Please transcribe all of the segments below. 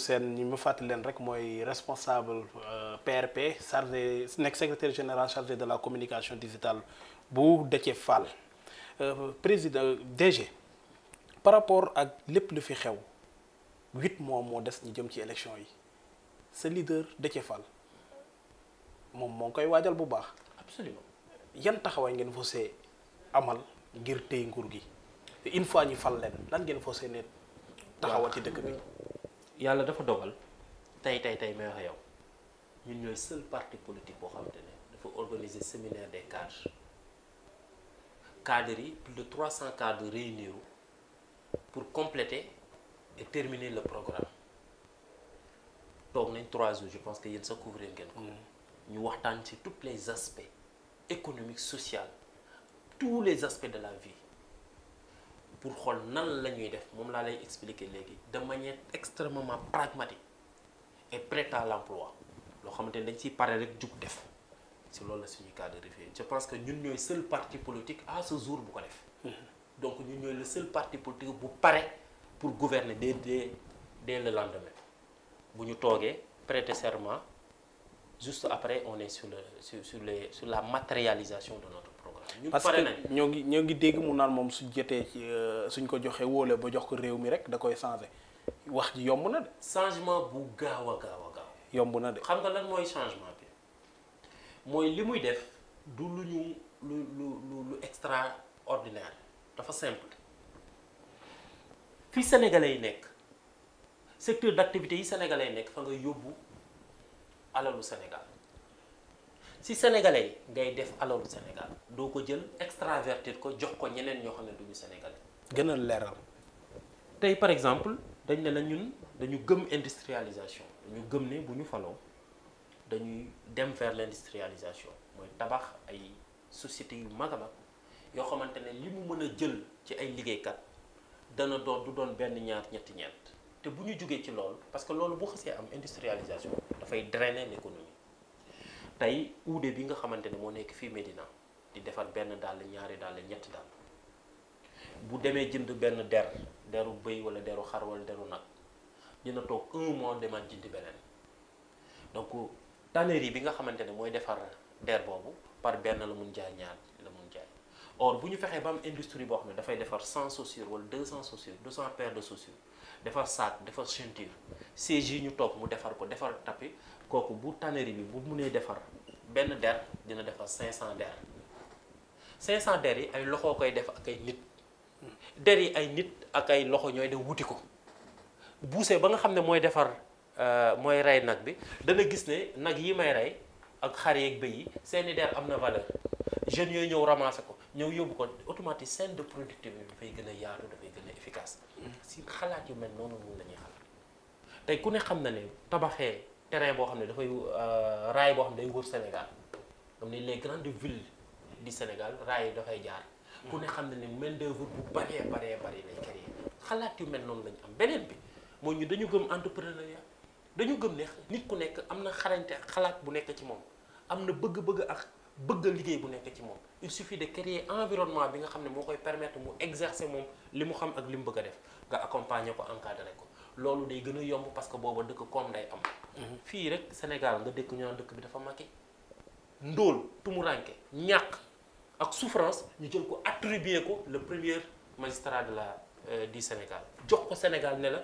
seen ñi mu fàttali leen rek mooy responsable PRP euh, chargé nekk secretaire général chargé de la communication digitale bu Déthié Fall euh, président DG par rapport ak lépp lu fi xew huit mois moo des ñu jëm ci élection yi sa leader Déthié Fall moom moo ngi koy waajal bu baax. yan taxawaay ngeen foosee amal ngir tey nguur gi une fois ñu fal leen lan ngeen foosee ne taxawal ci dëkk bi. yàlla dafa dogal tey tey tey may wax yow ñun ñooy seul parti politique boo xamante ne dafa organiser séminaire des cadres cadres yi plus de 300 cadres réunis wu pour compléter e terminer le programme toog nañ trois jours je pense que yéen sa couvrir ngeen ko. Mm. ñu waxtaan si tout les aspects économiques sociaux tous les aspects de la vie. pour xool nan la ñuy def moom laa lay expliquer léegi de manière extrêmement pragmatique et prête à l'emploi loo xamante ne dañ ciy pare rek jug def si loolu la suñu cas de référé je pense que ñun ñooy seul parti politique à ce jour bu ko def mm-hmm. donc ñun ñooy le seul parti politique bu pare pour gouverner dès dès dès le lendemain bu ñu toogee prêter serment juste après on est sur le sur les sur la matérialisation de notre parce que ñoo ngi ñoo ngi dégg mu naan moom suñ jotee ci euh, suñ ko joxee woole ba jox ko réew mi rek da koy changé wax ji yomb na de. changement bu gaaw a gaaw a gaaw. yomb na de xam nga lan mooy changement bi mooy li muy def du lu ñu lu lu lu lu extraordinaire dafa simple fi sénégalais yi nekk secteur d'activité yi sénégalais yi nekk fa nga yóbbu alalu Sénégal. si sénégalais ngay def alalu Sénégal doo ko jël extravertir ko jox ko ñeneen ñoo xam ne duñu sénégalais. gën a leeral. tey par exemple dañ ne la ñun dañu gëm industrialisation ñu gëm ne bu ñu faloo dañuy dem vers l'industrialisation mooy tabax ay sociétés yu mag a yoo xamante ne li mu mën a jël ci ay liggéeykat dana door du doon benn ñaar ñetti ñeent te bu ñu jugee ci loolu parce que loolu bu xësee am industrialisation dafay drainer l'économie tey uude bi nga xamante ne moo nekk fii Médina di defar benn dàll ñaari dàll ñetti dàll bu demee jënd benn der deru bëy wala deru xar wala deru nag dina toog un mois demaat jënd beneen donc tannerie bi nga xamante ne mooy defar der boobu par benn la mun jaay ñaan or bu ñu fexee ba am industrie boo xam ne dafay defar 100 chaussures wala 200 chaussures 200 paires de chaussures defar sac defar ceinture siège yi ñu toog mu defar ko defar tapis kooku bu tannerie bi bu munee defar benn der dina defar 500 der 500 der yi ay loxoo koy def ak ay nit der yi ay nit ak ay loxo ñooy dem wuti ko buuse ba nga xam ne mooy defar euh, mooy rey nag bi dana gis ne nag yi may rey ak xar yeeg bëy yi seeni der am na valeur jeunes yooyu ñëw ramasser ko ñëw yóbbu ko automatique scène de productivité bi dafay gën a yaatu dafay gën a efficace xalaat yu mel noonu ñun la ñuy xalaat tey ku ne xam na ne tabaxee terrain boo xam ne dafay euh, raay boo xam ne day wër Sénégal xam ne les grandes villes du Sénégal raay yi dafay jaar ku ne xam na ne main d'œuvre bu baree baree baree lay créer xalaat yu mel noonu lañ am beneen bi mooy ñu dañu gëm entrepreneuriat dañu gëm ne nit ku nekk am na xarañte xalaat bu nekk ci moom am na bëgg-bëgg ak bëgg liggéey bu nekk ci moom il suffit de créer environnement bi nga xam ne moo koy permettre mu exercer moom li mu xam ak li mu bëgg a def nga accompagner ko encadrer ko loolu day gën a yomb parce que booba dëkk koom day am. Mhm. fii rek Sénégal nga dëkk ñu dëkk bi dafa manqué ndóol tumuranke ak souffrance ñu jël ko attribuer ko le premier magistrat la euh, di Sénégal jox ko Sénégal ne la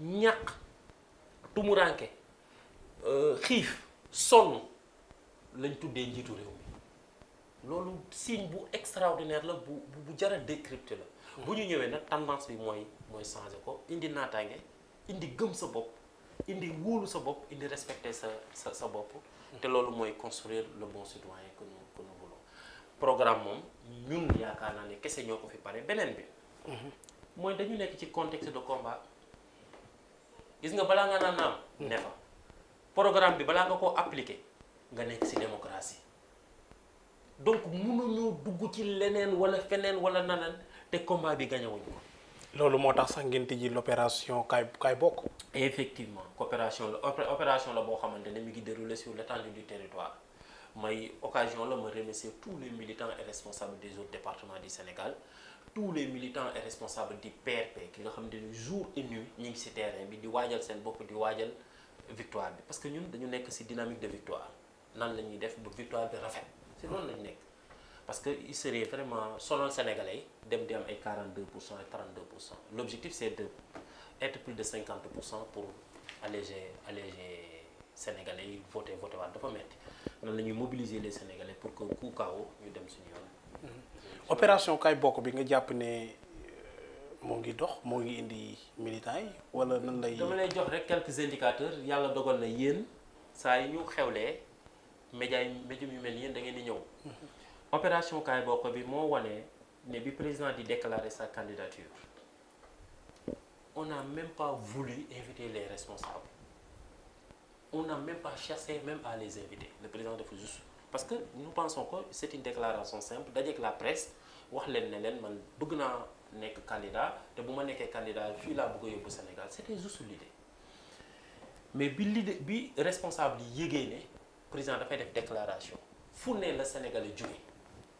ñàkk tumuranke euh, xiif sonn. lañ tuddee njiitu réew mi loolu signe bu extraordinaire la bu bu jar a la. bu ñu ñëwee nag tendance bi mooy mooy changer ko indi naataange indi gëm sa bopp indi wóolu sa bopp indi respecter sa sa sa bopp. te loolu mooy construire le bon citoyen que nous que nous voulons programme moom ñun yaakaar naa ne kese ñoo ko fi pare beneen bi. mooy dañu nekk ci contexte de combat gis nga balaa nga naan ne fa programme bi balaa nga koo appliquer. nga nekk ci démocratie donc mënuñu dugg ci leneen walla feneen walla nanaan te combat bi gañawuñu ko. loolu moo tax sax ngeen tijji l'opération kaay kaay bokk. effectivement coopération la opération la boo xamante ne mi ngi déroulé sur l'étendue du territoire may occasion la ma remercier tous les militants et responsables des autres départements du Sénégal tous les militants et responsables du PRP ki nga xamante ne jour et ñu ngi ci terrain bi di waajal seen bopp di waajal victoire parce que ñun dañu nekk ci dynamique de victoire. nan la ñuy def ba victoire bi rafet si loolu lañ nekk parce que il serait vraiment selon sénégalais yi dem di am ay 42 pour cent et 32 pour cent l' objectif c' est de plus de cinquante pour cent pour alléger alléger sénégalais yi voté voté waat dafa metti nan la ñuy mobiliser les sénégalais pour que ku kaaw ñu dem suñu yoon. Mm-hmm. opération Kaay Bokk bi nga jàpp ne euh, moo ngi dox moo ngi indi militants yi wala nan lay. dama lay jox rek quelques indicateurs yàlla dogal na yéen saa yi ñu xewlee. média yu médium yu mel ni yéen da ngeen di ñëw opération kaay bokk bi moo wane ne bi président di déclarer sa candidature on n'a même pas voulu inviter les responsables on n'a même pas cherché même à les inviter le président dafa juste parce que nous pensons que c'est une déclaration simple dajeek la presse wax leen ne leen man bëgg naa nekk candidat te bu ma nekkee candidat fii laa bëgg a yóbbu Sénégal c'était juste l'idée mais bi l'idée bi responsable yi yëgee ne président dafay def déclaration fu ne la Sénégalais jóge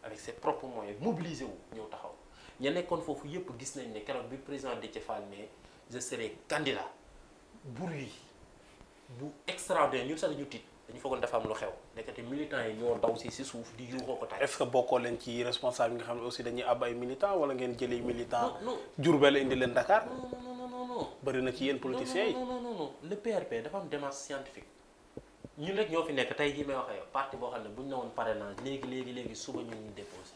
avec ses propres moyens mobilisé wu ñëw taxaw ña nekkoon foofu yëpp gis nañ ne keroog bi président Déthié Fall ne je serai candidat bruit bu extraordinaire ñun sax ñu tiit dañu foogoon dafa am lu xew nekkati militants yi ñoo daw si suuf di yuuxoo ko tax. est ce bokkoo leen ci responsable yi nga xam ne aussi dañuy àbb ay militants wala ngeen jëlee militant Diourbel indi leen Dakar. non non non non. bëri na ci yéen politiciens yi. non non non am démarche scientifique. ñun rek ñoo fi nekk tey jii may waxee yow parti boo xam ne bu ñu newoon parrainage léegi léegi léegi suba ñu ngi déposé.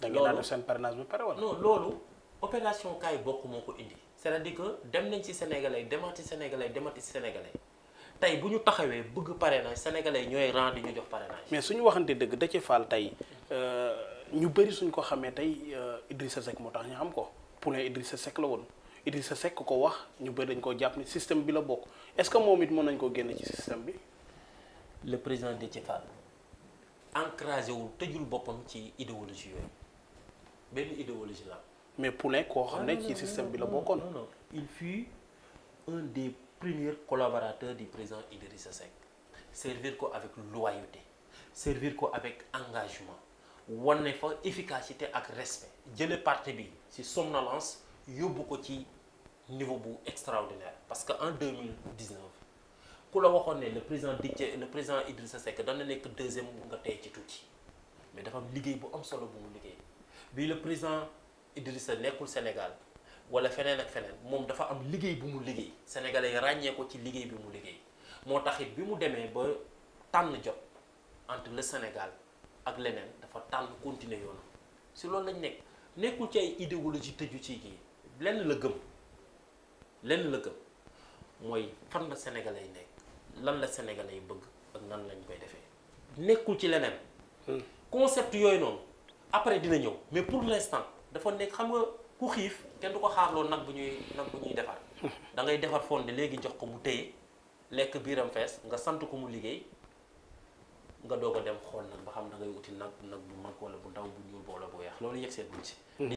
da ngeen naan def seen pare wala. non loolu opération kaay bokk moo ko indi. c'est-à-dire que dem nañ ci sénégalais demati sénégalais demati tey bu ñu taxawee bëgg parrainage sénégalais ñooy rang di ñu jox parrainage. mais suñu waxante dëgg da ci faal tey euh, ñu bëri suñ ko xamee tey euh, Idrissa Seck moo tax ñu xam ko pour ne Idrissa Seck la woon. Idrissa Seck ko wax ñu bëri dañ koo jàpp ni système bi la bokk est-ce que moom it mën nañ koo génn ci système bi. le président Déthié Fall encrasé wul tëjul boppam ci idéologie yooyu benn idéologie la mais koo xam ne ah, ci système bi la bokkoon. non non il fut un des premiers collaborateurs du président Idrissa Seck servir ko avec loyauté servir ko avec engagement wane fa efficacité ak respect jële parti bi ci somnolence. yóbbu ko ci niveau bu extraordinaire parce que en deux mille 2019 ku la waxoon ne le président Didier le président Idrissa Seck dana nekk deuxième bu nga tey ci tuuti mais dafa am liggéey bu am solo bu mu liggéey bii le président sa nekkul Sénégal wala feneen ak feneen moom dafa am liggéey bu mu liggéey sénégalais ràññee ko ci liggéey bi mu liggéey moo taxit bi mu demee ba tànn jot entre le Sénégal ak leneen dafa tànn continuer yoonu si loolu lañ nekk nekkul ci tëju ci kii lenn la gëm lenn la gëm mooy fan la sénégalais nekk lan la sénégalais bëgg ak nan lañ koy defee nekkul ci leneen hmm. concept yooyu noonu après dina ñëw mais pour l'instant dafa nekk xam nga ku xiif kenn du ko xaarloo nag bu ñuy nag bu ñuy defar hmm. da ngay defar fonde léegi jox ko mu téye lekk biiram fees nga sant ko mu liggéey nga doog dem xool nag ba xam da ngay uti nag nag bu mag wala bu ndaw bu ñuul boola bu weex loolu yegg seen buñ